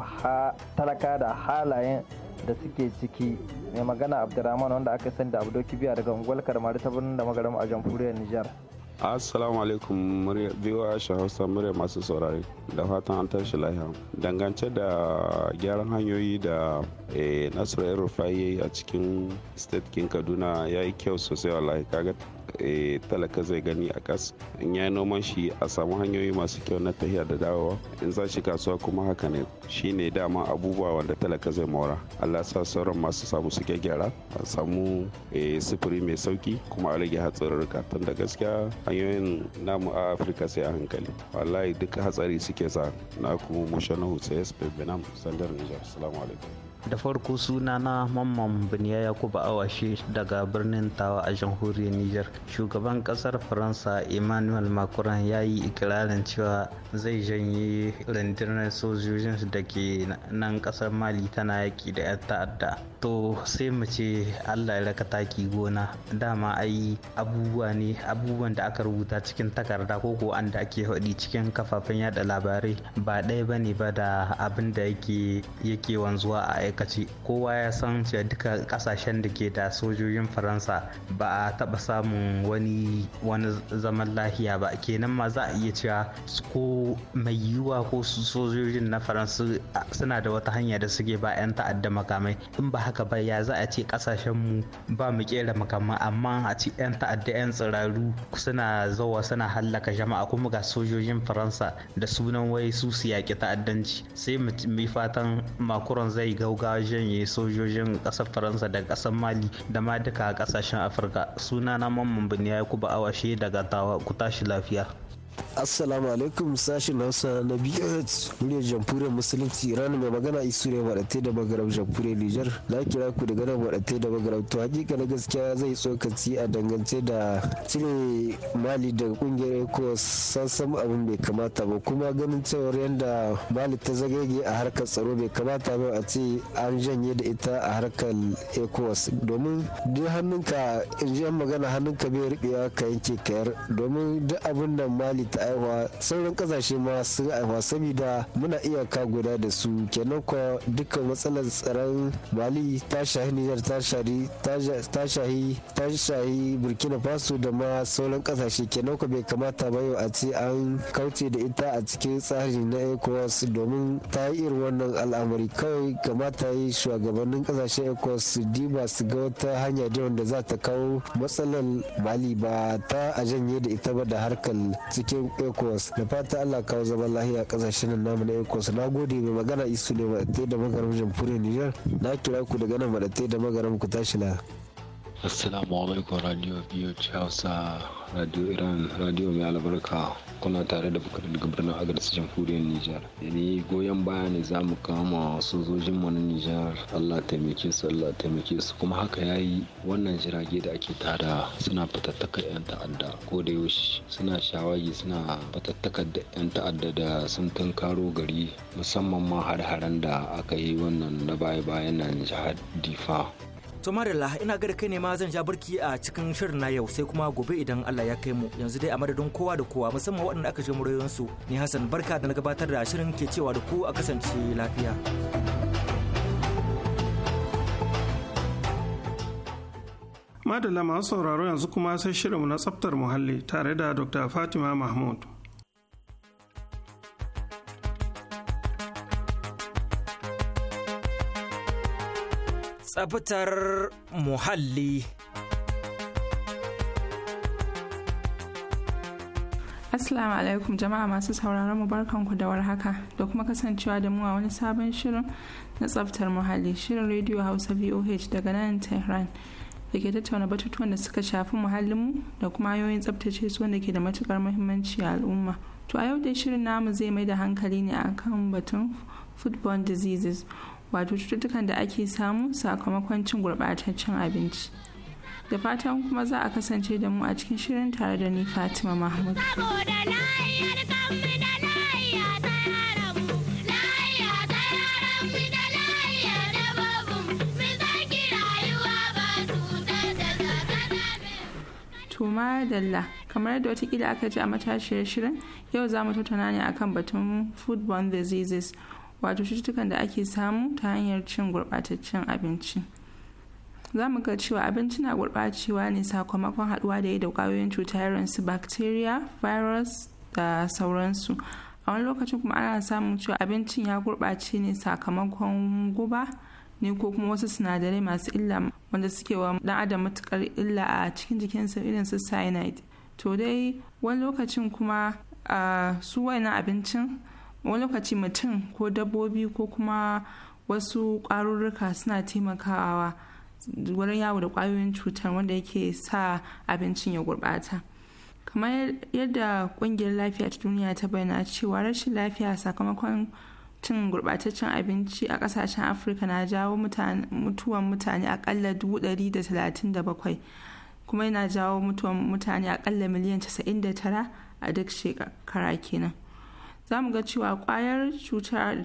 talaka da halayen da suke ciki mai magana abdurrahman wanda aka sani da abdoki biya daga unguwar karmari ta birnin da magarama a jamhuriyar nijar assalamu alaikum a hausa murya masu saurari, da fatan an tashi lahiya dangance da gyaran hanyoyi da eh, nasiru rufayi a cikin state king kaduna ya yi kyau sosai wallahi kaga Eh, talaka zai gani a kas in ya noman shi a samu hanyoyi masu kyau na tahiya da dawowa in za shi kasuwa kuma haka ne shi shine dama abubuwa wanda talaka zai mora allah sa sauran masu samu su gyara a samu eh, sufuri mai sauki kuma a rage hatsarurruka tun da gaskiya hanyoyin namu a afirka sai a hankali wallahi duk hatsari suke sa na kuma mushanahu sai sp benam sandar nijar salamu alaikum da farko suna na mamman biniya yakuba awashe daga birnin tawa a jamhuriyar niger shugaban kasar faransa emmanuel macron ya yi ikirarin cewa zai janye rundunar sojojin da ke nan kasar mali tana yaki da 'yan ta'adda to sai mu ce allah ya raka taki gona dama ai abubuwa ne abubuwan da aka rubuta cikin takarda ko ko an da ake haɗi cikin kafafen yada labarai ba ɗaya ba ne ba da abin da yake yake wanzuwa a aikace kowa ya san cewa duka ƙasashen da ke da sojojin faransa ba a taba samun wani wani zaman lahiya ba kenan ma za a iya cewa ko mai yiwuwa ko sojojin na faransa suna da wata hanya da suke ba 'yan ta'adda makamai in ba haka suka bar ya za a ce kasashenmu ba mu kera makama amma a ce 'yan ta'adda 'yan tsiraru suna zawa suna hallaka jama'a kuma ga sojojin faransa da sunan wai su su yaƙi ta'addanci sai mu fatan makuran zai gaugawa janye sojojin ƙasar faransa daga ƙasar mali da ma duka kasashen afirka suna na mamman ya kuba awashe daga tawa ku tashi lafiya Assalamu alaikum sashen Hausa na biyar muryar jamhuriyar musulunci Iran mai magana isu ne da magarab jamhuriyar Nijar na kira ku daga nan wadatai da magarab to hakika na gaskiya zai tsokaci a dangance da cire mali da kungiyar san sassan abin bai kamata ba kuma ganin cewar yadda mali ta zagage a harkar tsaro bai kamata ba a ce an janye da ita a harkar ECOWAS domin duk hannunka in ji magana hannunka bai riƙewa ka yanke kayar domin duk abin da mali ta aiwa sauran kasashe ma sun aiwa saboda muna iyaka guda da su kenan dukkan matsalar tsaron Mali ta shahi Nijar ta shahi ta shahi Burkina Faso da ma sauran kasashe kenan bai kamata ba yau a ce an kauce da ita a cikin tsari na ECOWAS domin ta yi irin wannan al'amari kawai kamata yi shugabannin kasashe ECOWAS su diba su ga wata hanya da wanda za ta kawo matsalar Mali ba ta a janye da ita ba da harkar cikin cikin ecowas da fata allah kawo zaman lahiya kasashen namu na ecowas na gode mai magana isu ne maɗatai da magaram jamhuriyar niger na kira ku daga nan maɗatai da magaram ku tashi lahiya. Assalamu alaikum radio biyu Hausa radio Iran radio mai albarka kuna tare da bukari daga birnin Agadis jamhuriyar Nijar. Ni goyon baya ne za mu kama sojojin mu na Nijar Allah taimake su Allah taimake su kuma haka ya yi wannan jirage da ake tara suna fatattakar yan ta'adda ko da yaushe suna shawagi suna fatattakar da yan ta'adda da sun tunkaro gari musamman ma har-haren da aka yi wannan na baya-bayan nan jihar Difa To Marilla ina gada kai ne ma zan ja barki a cikin shirin na yau sai kuma gobe idan Allah ya kai mu yanzu dai a madadin kowa da kowa musamman waɗanda aka je su ni Hassan barka da na gabatar da shirin ke cewa da ku a kasance lafiya. Madalla masu sauraro yanzu kuma sai shirinmu na tsaftar muhalli tare da Dr. Fatima Mahmud. tsabtar muhalli. Assalamu alaikum jama'a masu sauraron mu ku da warhaka da kuma kasancewa da mu a wani sabon shirin na tsabtar muhalli shirin rediyo Hausa VOH daga nan Tehran da ke tattauna batutuwan da suka shafi muhallinmu da kuma hanyoyin tsabtace su wanda ke da matukar muhimmanci a al'umma. To a yau dai shirin namu zai mai da hankali ne akan batun foodborne diseases wato cututtukan da ake samu sakamakon cin gurɓataccen abinci da fatan kuma za a kasance da mu a cikin shirin tare da ni fatima mahmud tuma dalla kamar yadda watakila aka ji a matashiyar shirin yau za mu tattauna ne akan batun foodborne diseases wato cututtukan da ake samu ta hanyar cin gurbataccen abinci za mu ga cewa abinci na gurɓacewa ne sakamakon haɗuwa da yi da ƙwayoyin cuta irin su bacteria virus da sauransu a wani lokacin kuma ana samun cewa abincin ya gurɓace ne sakamakon guba ne ko kuma wasu sinadarai masu illa wanda suke wa dan adam matukar illa a cikin jikinsa irin su cyanide to dai wani lokacin kuma ah, su wayannan abincin wani lokaci mutum ko dabbobi ko kuma wasu ƙwarurruka suna taimakawa wurin yawo da ƙwayoyin cutar wanda yake sa abincin ya gurɓata kamar yadda ƙungiyar lafiya ta duniya ta bayyana cewa rashin lafiya sakamakon cin gurɓataccen abinci a ƙasashen afirka na jawo mutuwan mutane akalla 137 kuma yana jawo mutuwan mutane akalla miliyan 99 a duk shekara kenan za mu ga cewa kwayar cutar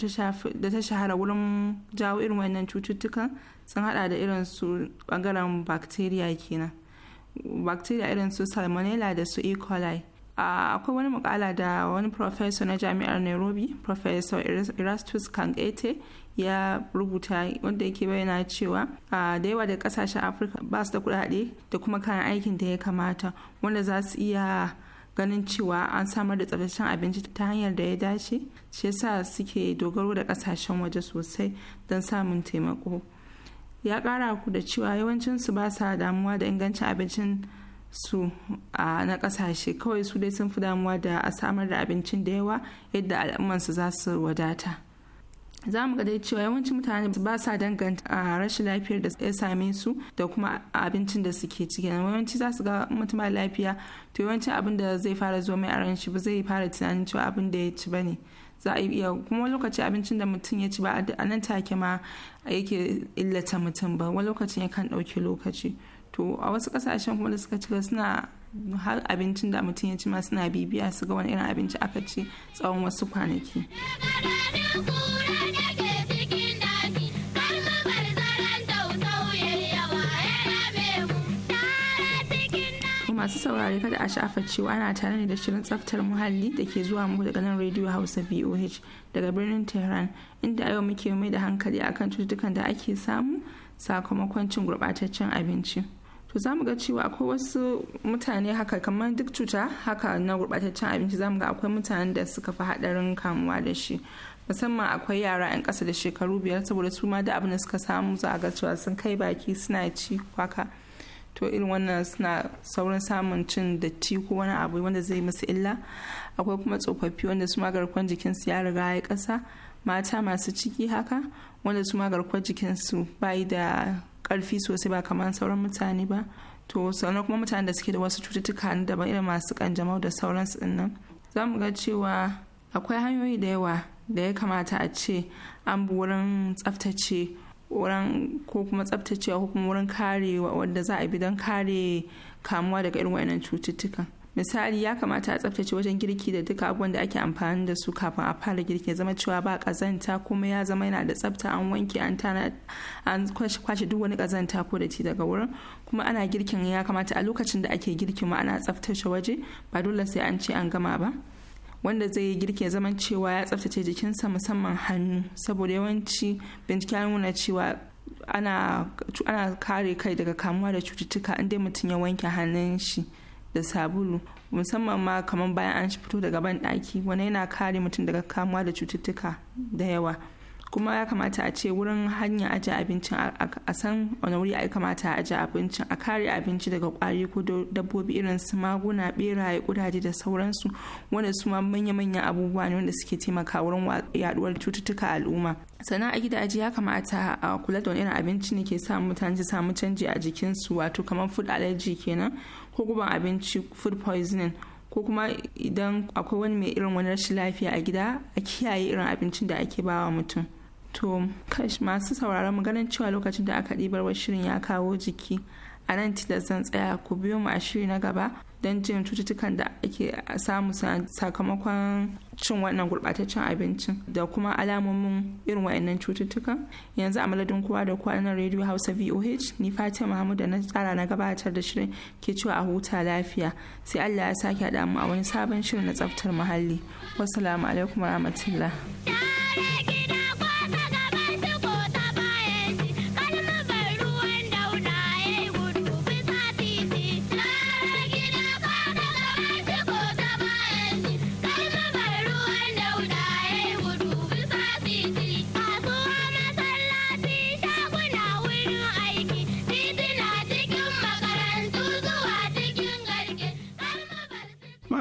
da ta shahara wurin jawo irin wannan cututtukan sun hada da irin su bangaren bacteria kenan bacteria irin su salmonella da su e. coli akwai wani makala da wani professor na jami'ar nairobi professor erastus kangete ya rubuta wanda yake bayyana cewa da yawa da kasashen afirka ba su da kudade da kuma kayan aikin da ya kamata wanda za su iya ganin cewa an samar da tsaftacen abinci ta hanyar da ya dace shi yasa suke dogaro da kasashen waje sosai don samun taimako ya kara ku da cewa yawancin su ba sa damuwa da ingancin abincin su a na kasashe kawai su dai sun fi damuwa da a samar da abincin da yawa yadda al'ummansu za su wadata za mu ga dai cewa yawancin mutane ba sa danganta a rashin lafiyar da ya same su da kuma abincin da suke ciki yawanci za su ga mutum lafiya to yawancin abin da zai fara zuwa mai a shi ba zai fara tunanin cewa abin da ya ci ba ne za a iya kuma lokaci abincin da mutum ya ci ba a nan take ma yake illata mutum ba wani lokacin ya kan ɗauki lokaci to a wasu ƙasashen kuma da suka cika suna har abincin da mutum ya ci ma suna bibiya su ga wani irin abinci aka ci tsawon wasu kwanaki masu saurare kada a sha'afa cewa ana tare ne da shirin tsaftar muhalli da ke zuwa muku daga nan radio hausa voh daga birnin tehran inda yau muke mai da hankali akan cututtukan da ake samu sakamakon cin gurɓataccen abinci. to za mu ga cewa akwai wasu mutane haka kamar duk cuta haka na gurɓataccen abinci za mu ga akwai mutanen da suka fi haɗarin kamuwa da shi musamman akwai yara 'yan ƙasa da shekaru biyar saboda su ma da abin da suka samu za a ga cewa sun kai baki suna ci kwaka to irin wannan suna saurin samun cin datti ko wani abu wanda zai musu illa akwai kuma tsofaffi wanda su ma garkuwar jikinsu ya riga ya ƙasa mata masu ciki haka wanda su ma garkuwar jikinsu bayi da karfi sosai ba kamar sauran mutane ba to sannan kuma mutane da suke da wasu cututtuka na daban irin masu kanjamau da sauransu din nan za mu ga cewa akwai hanyoyi da yawa da ya kamata a ce an bi wurin tsaftace wurin ko kuma tsaftacewa ko kuma wurin karewa wadda za a bi don kare kamuwa daga irin wayannan cututtukan misali ya kamata a tsaftace wajen girki da duka abubuwan da ake amfani da su kafin a fara girki ya zama cewa ba kazanta kuma ya zama yana da tsafta an wanke an tana an kwashe duk wani kazanta ko da ti daga wurin kuma ana girkin ya kamata a lokacin da ake girki ma ana tsaftace waje ba dole sai an ce an gama ba wanda zai yi girki ya zama cewa ya tsaftace jikinsa musamman hannu saboda yawanci bincike ya nuna cewa ana kare kai daga kamuwa da cututtuka inda mutum ya wanke hannun shi da sabulu musamman ma kamar bayan an fito daga ban ɗaki wani yana kare mutum daga kamuwa da cututtuka da yawa kuma ya kamata a ce wurin hanyar ajiye abincin a san wani wuri ya kamata a ajiye abincin a kare abinci daga kwari ko dabbobi irin su maguna beraye kudaje da sauransu wanda su ma manya-manyan abubuwa ne wanda suke taimaka wurin yaduwar cututtuka al'umma sannan a gidaje ya kamata a kula da wani irin abinci ne ke sa mutane su samu canji a jikinsu wato kamar food allergy kenan ko guban abinci food poisoning ko kuma idan akwai wani mai irin wani rashin lafiya a gida a kiyaye irin abincin da ake bawa mutum to kash masu sauraron mu cewa lokacin da aka ɗibar wa shirin ya kawo jiki a nan tilas zan tsaya ku biyo mu a shiri na gaba don jin cututtukan da ake samu sakamakon cin wannan gurɓataccen abincin da kuma alamomin irin wa'annan cututtukan yanzu a maladin kowa da kwanan na radio hausa voh ni fatima mahmud da na tsara na gabatar da shirin ke cewa a huta lafiya sai allah ya sake haɗa mu a wani sabon shirin na tsaftar muhalli wasu alaikum rahmatullah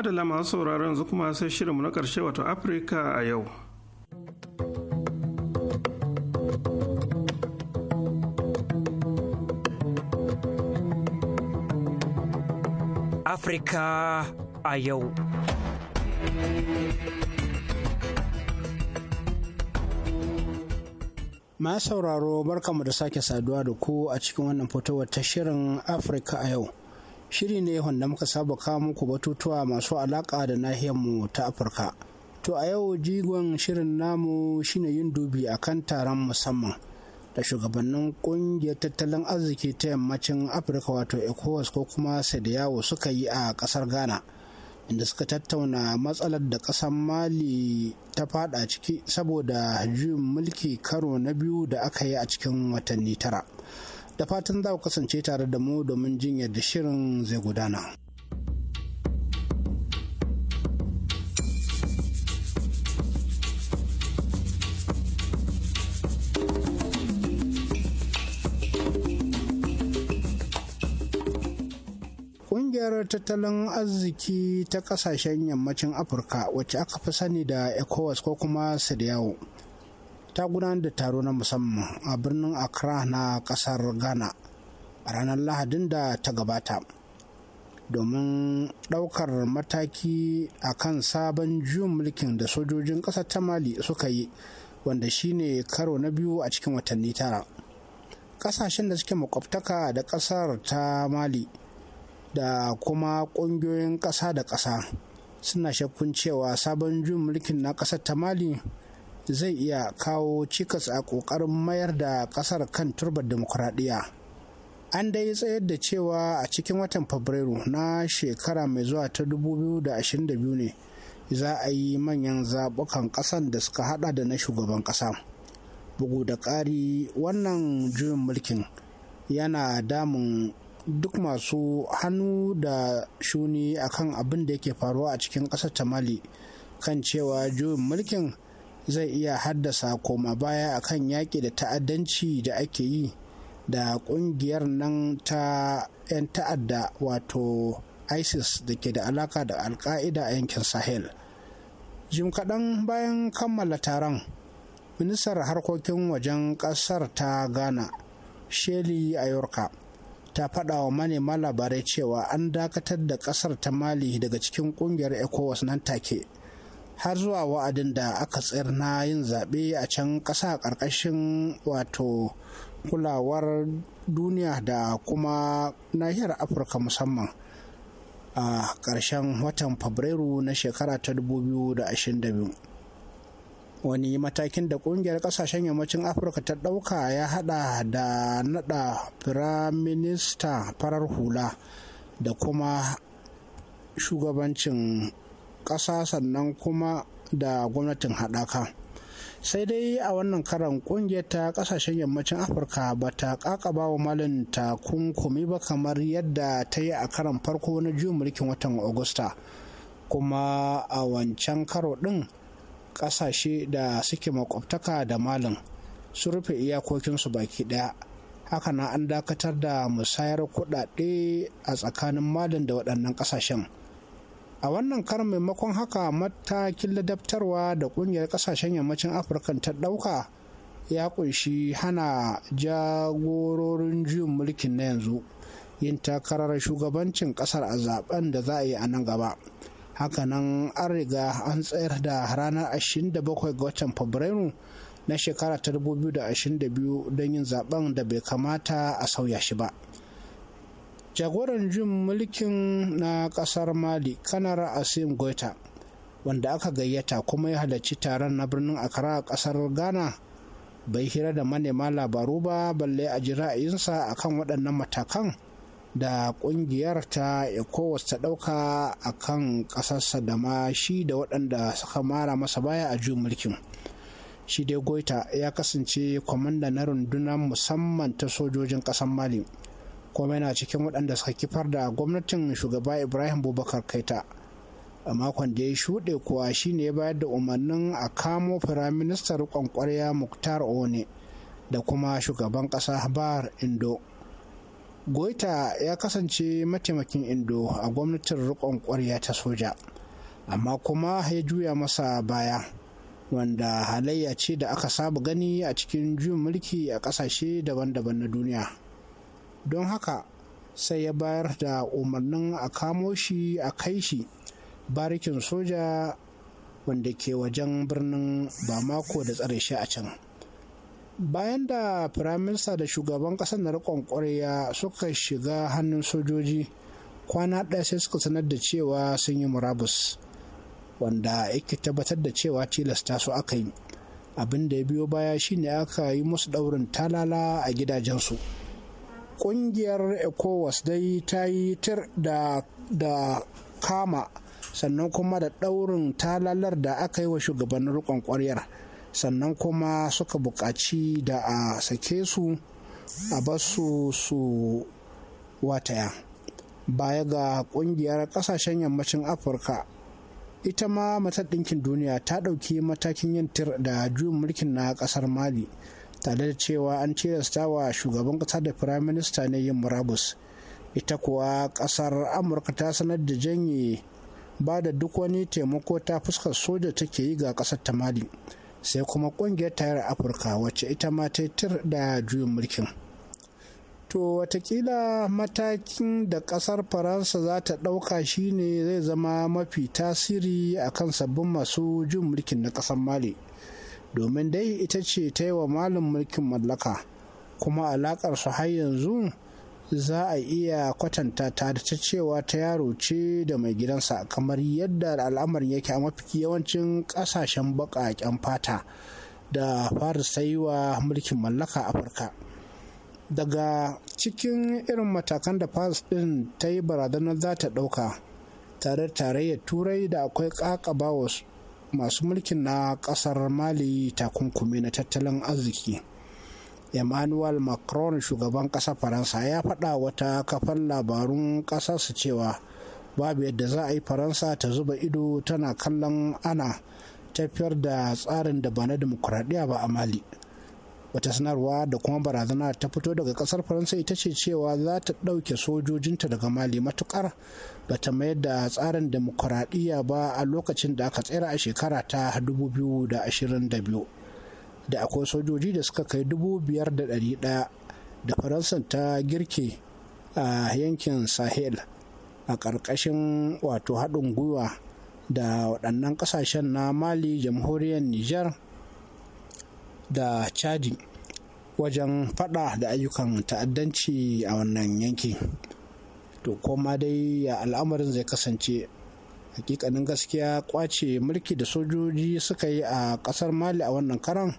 adala masu sauraro yanzu kuma sai shirinmu na ƙarshe wato afirka a yau afirka a yau Ma sauraro barkamu da sake saduwa da ku a cikin wannan fitowar ta shirin Afirka a yau. shiri ne wanda muka saba kawo muku batutuwa masu alaka da nahiyarmu ta afirka to a yau jigon shirin namu shine yin dubi a kan taron musamman da shugabannin kungiyar tattalin arziki ta yammacin afirka wato ecowas ko kuma sadiyawo suka yi a kasar ghana inda suka tattauna matsalar da kasar mali ta fada ciki saboda juyin mulki karo na biyu da aka yi a cikin watanni tara da fatan za ku kasance tare da mu domin jin yadda shirin zai gudana. Ƙungiyar tattalin arziki ta ƙasashen yammacin afirka wacce aka fi sani da ecowas ko kuma sadiyawo ta gudanar da taro na musamman a birnin accra na kasar ghana a ranar lahadin da ta gabata domin ɗaukar mataki a kan sabon juyin mulkin da sojojin ƙasar ta mali suka yi wanda shine karo na biyu a cikin watanni tara ƙasashen da suke makwabtaka da ƙasar ta mali da kuma ƙungiyoyin ƙasa da ƙasa suna shakkun cewa sabon juyin mulkin na ƙasar ta mali zai iya kawo cikas a ƙoƙarin mayar da ƙasar kan turbar demokuraɗiyya an dai tsayar da cewa a cikin watan fabrairu na shekara mai zuwa ta 2022 ne za a yi manyan zaɓukan ƙasan da suka haɗa da na shugaban ƙasa bugu da ƙari wannan juyin mulkin yana damun duk masu hannu da shuni akan abin da yake faruwa a cikin ƙasar tamali kan cewa juyin mulkin zai iya haddasa koma baya akan yaƙi da ta'addanci da ake yi da ƙungiyar nan ta 'yan ta'adda wato isis da ke da alaka da alka'ida a yankin sahel jim kaɗan bayan kammala taron ministar harkokin wajen ƙasar ta ghana sheli ayorka ta faɗa wa manema labarai cewa an dakatar da ƙasar ta mali daga cikin ƙungiyar ecowas nan take har zuwa wa'adin da aka tsayar na yin zaɓe a can ƙasa ƙarƙashin wato kulawar duniya da kuma nahiyar afirka musamman a ƙarshen watan fabrairu na shekara ta 2022 wani matakin da ƙungiyar ƙasashen yammacin afirka ta ɗauka ya haɗa da naɗa firaminista farar hula da kuma shugabancin ƙasa sannan kuma da gwamnatin haɗaka sai dai a wannan karan ƙungiyar ta ƙasashen yammacin afirka ba ta ƙaƙaba wa malin takunkumi ba kamar yadda ta yi a karan farko na juyin mulkin watan agusta kuma a wancan karo ɗin ƙasashe da suke makwabtaka da malin su rufe iyakokinsu baki ɗaya hakanan an dakatar da musayar kuɗaɗe a tsakanin malin da waɗannan ƙasashen a wannan karin maimakon haka matakin ladabtarwa da kungiyar kasashen yammacin afirka ta dauka ya kunshi hana jagororin juyin mulkin na yanzu yin takarar shugabancin kasar a zaben da za a yi a nan gaba hakanan an riga an tsayar da ranar 27 ga watan fabrairu na shekara ta 2022 don yin zaben da bai kamata a sauya shi ba. jagoran jin mulkin na kasar mali kanar asim goita wanda aka gayyata kuma ya halarci taron na birnin akara a kasar ghana bai hira da manema labaru ba balle a ji ra'ayinsa a kan waɗannan matakan da ƙungiyar ta ecowas ta ɗauka a kan ƙasarsa da ma shi da waɗanda suka mara masa baya a juyin mulkin shi dai goita ya kasance kwamanda na rundunar musamman ta sojojin ƙasar mali kuma yana cikin waɗanda suka kifar da gwamnatin shugaba ibrahim bubakar kaita a makon da ya shuɗe kuwa shine ya bayar da umarnin a kamo firaministar kwankwariya muktar one da kuma shugaban ƙasa bahar indo goita ya kasance mataimakin indo a gwamnatin riƙon ƙwarya ta soja amma kuma ya juya masa baya wanda halayya ce da aka saba gani a cikin juyin mulki a ƙasashe daban-daban na duniya don haka sai ya bayar da umarnin a kamo shi a kai shi barikin soja wanda ke wajen birnin bamako da tsare shi a can bayan da firaminista da shugaban ƙasar na rikon ƙwarya suka shiga hannun sojoji kwana ɗaya sai suka sanar da cewa sun yi murabus wanda yake tabbatar da cewa tilasta su aka yi abin da ya biyo baya shine aka yi musu ɗaurin talala a gidajensu. ƙungiyar ecowas dai ta yi tir da, da kama sannan kuma da ɗaurin talalar da aka yi wa shugabannin riƙon ƙwaryar sannan kuma suka buƙaci da a sake su a basu su wataya baya ga ƙungiyar ƙasashen yammacin afirka ita ma matar ɗinkin duniya ta ɗauki matakin yin tir da juyin mulkin na ƙasar mali tare da cewa an tilasta wa shugaban ƙasar da firayim minista ne yin murabus ita kuwa ƙasar amurka ta sanar da janye ba da duk wani taimako ta fuskar soja take yi ga ƙasar ta mali sai kuma ƙungiyar tayar afirka wacce ita ma ta tir da juyin mulkin to watakila matakin da kasar faransa za ta ɗauka shine zai zama mafi tasiri akan sabbin masu juyin mulkin na ƙasar mali domin dai ita ce ta yi wa malin mulkin mallaka kuma alaƙar su har yanzu za a iya kwatanta ta da ta cewa ta yaro ce da mai gidansa kamar yadda al'amarin yake a mafi yawancin ƙasashen baƙaƙen fata da fara wa mulkin mallaka afirka daga cikin irin matakan da fas ɗin ta yi barazanar za ta ɗauka tare tarayyar turai da akwai ƙaƙaba wasu masu mulkin na kasar mali takunkumi na tattalin arziki emmanuel macron shugaban kasar faransa ya faɗa wata kafan labarun su cewa babu yadda za a yi faransa ta zuba ido tana kallon ana tafiyar da tsarin da ba na dimokuraɗiyya ba a mali wata sanarwa da kuma barazana ta fito daga kasar faransa ita ce cewa za ta ɗauke sojojinta daga mali matukar ba ta mayar da tsarin demokuraɗiyya ba a lokacin da aka tsira a shekara ta 2022 da akwai sojoji da suka kai 5,100 da faransa ta girke a yankin sahel a ƙarƙashin wato haɗin gwiwa da waɗannan ƙasashen na mali jamhuriyar niger da chadi wajen fada da ayyukan ta'addanci a wannan yanki to koma dai ya al'amarin zai kasance hakikanin gaskiya kwace mulki da sojoji suka yi a kasar mali a wannan karan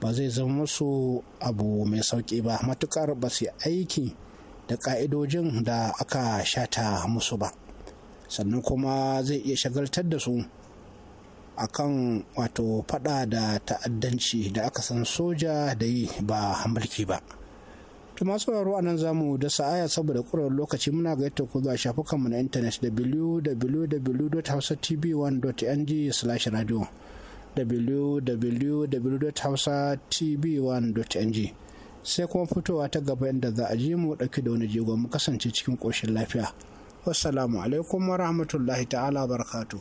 ba zai zama musu abu mai sauki ba matukar ba su aiki da ka'idojin da aka shata musu ba sannan kuma zai iya shagaltar da su a kan wato fada da ta'addanci da aka san soja da yi ba mulki ba to masu sauraro a nan zamu da sa'aya saboda kurar lokaci muna ga yadda ku zuwa shafukanmu na intanet www.hausatv1.ng slash radio www.hausatv1.ng sai kuma fitowa ta gaba inda za a ji mu ɗauki da wani jigo mu kasance cikin koshin lafiya wassalamu alaikum wa rahmatullahi ta'ala barakatu.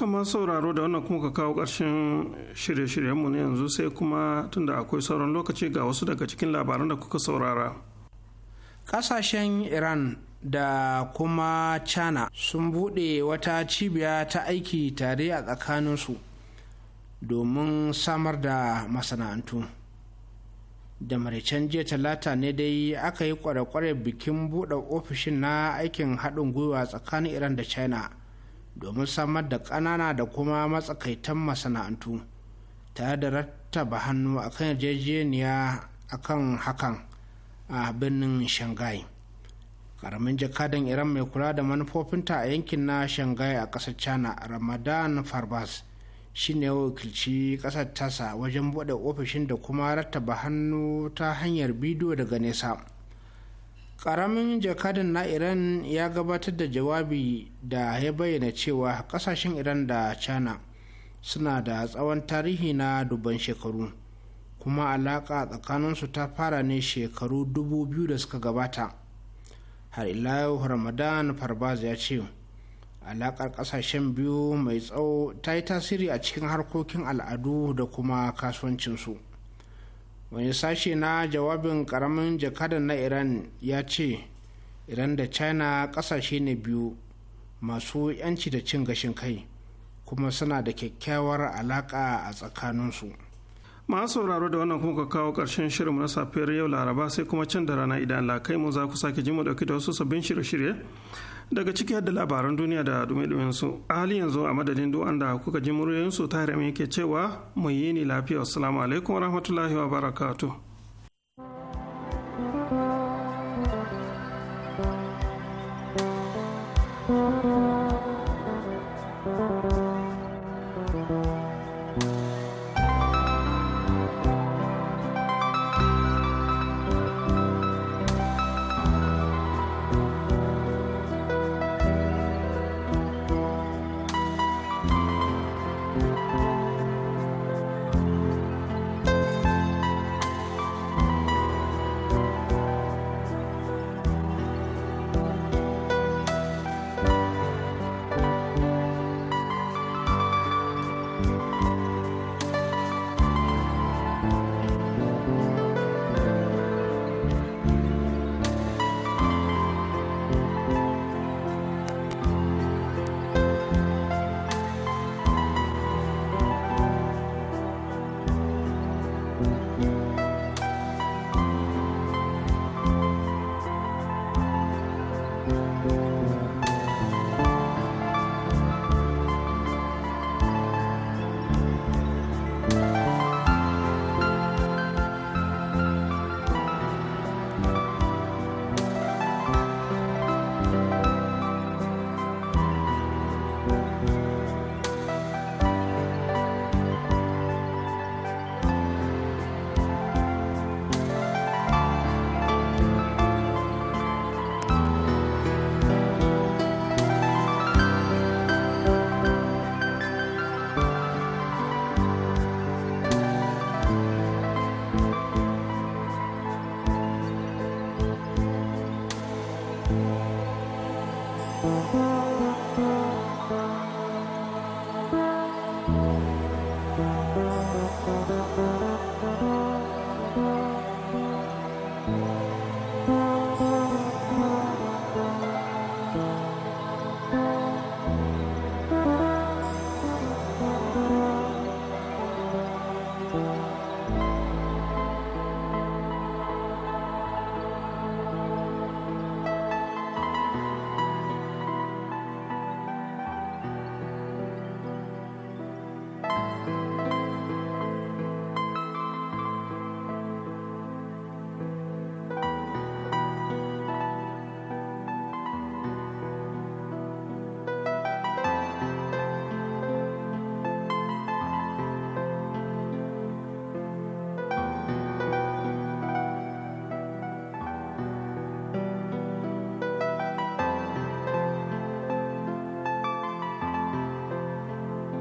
ta masu sauraro da wannan kuma ka kawo ƙarshen shirye-shiryenmu na yanzu sai kuma tunda akwai sauran lokaci ga wasu daga cikin labaran da kuka saurara. Ƙasashen Iran da kuma China sun buɗe wata cibiya ta aiki tare a tsakaninsu domin samar da masana'antu. Da maricen jiya talata ne dai aka yi kware-kware bikin buɗe ofishin na aikin haɗin gwiwa tsakanin Iran da China. domin samar da ƙanana da kuma matsakaitan masana'antu tare da rattaba hannu a kan yarjejeniya a kan hakan a birnin shanghai karamin jakadan iran mai kula da manufofinta a yankin na shanghai a ƙasar china ramadan farbas shine ya wakilci ƙasar tasa wajen buɗe ofishin da kuma rattaba hannu ta hanyar bidiyo daga nesa karamin jakadin na iran ya gabatar da jawabi da ya bayyana cewa kasashen iran da china suna da tsawon tarihi na dubban shekaru kuma alaka tsakaninsu ta fara ne shekaru dubu biyu da suka gabata har ila ramadan farbaz ya ce alaƙar ƙasashen biyu mai tsawo ta yi tasiri a cikin harkokin al'adu da kuma kasuwancinsu wani sashe na jawabin karamin jakada na iran ya ce iran da china kasashe ne biyu masu yanci da cin gashin kai kuma suna da kyakkyawar alaka a tsakaninsu masu sauraro da wannan kuma ka kawo karshen shirin na safiyar yau laraba sai kuma can da rana idan lakai mu za ku sake ji mu dauki da wasu sabbin shirye-shirye daga ciki da labaran duniya da dumi su a halin yanzu a madadin duk da kuka ji muryoyinsu ta yake cewa mu yi ni lafiya assalamu alaikum warahmatullahi wabarakatuh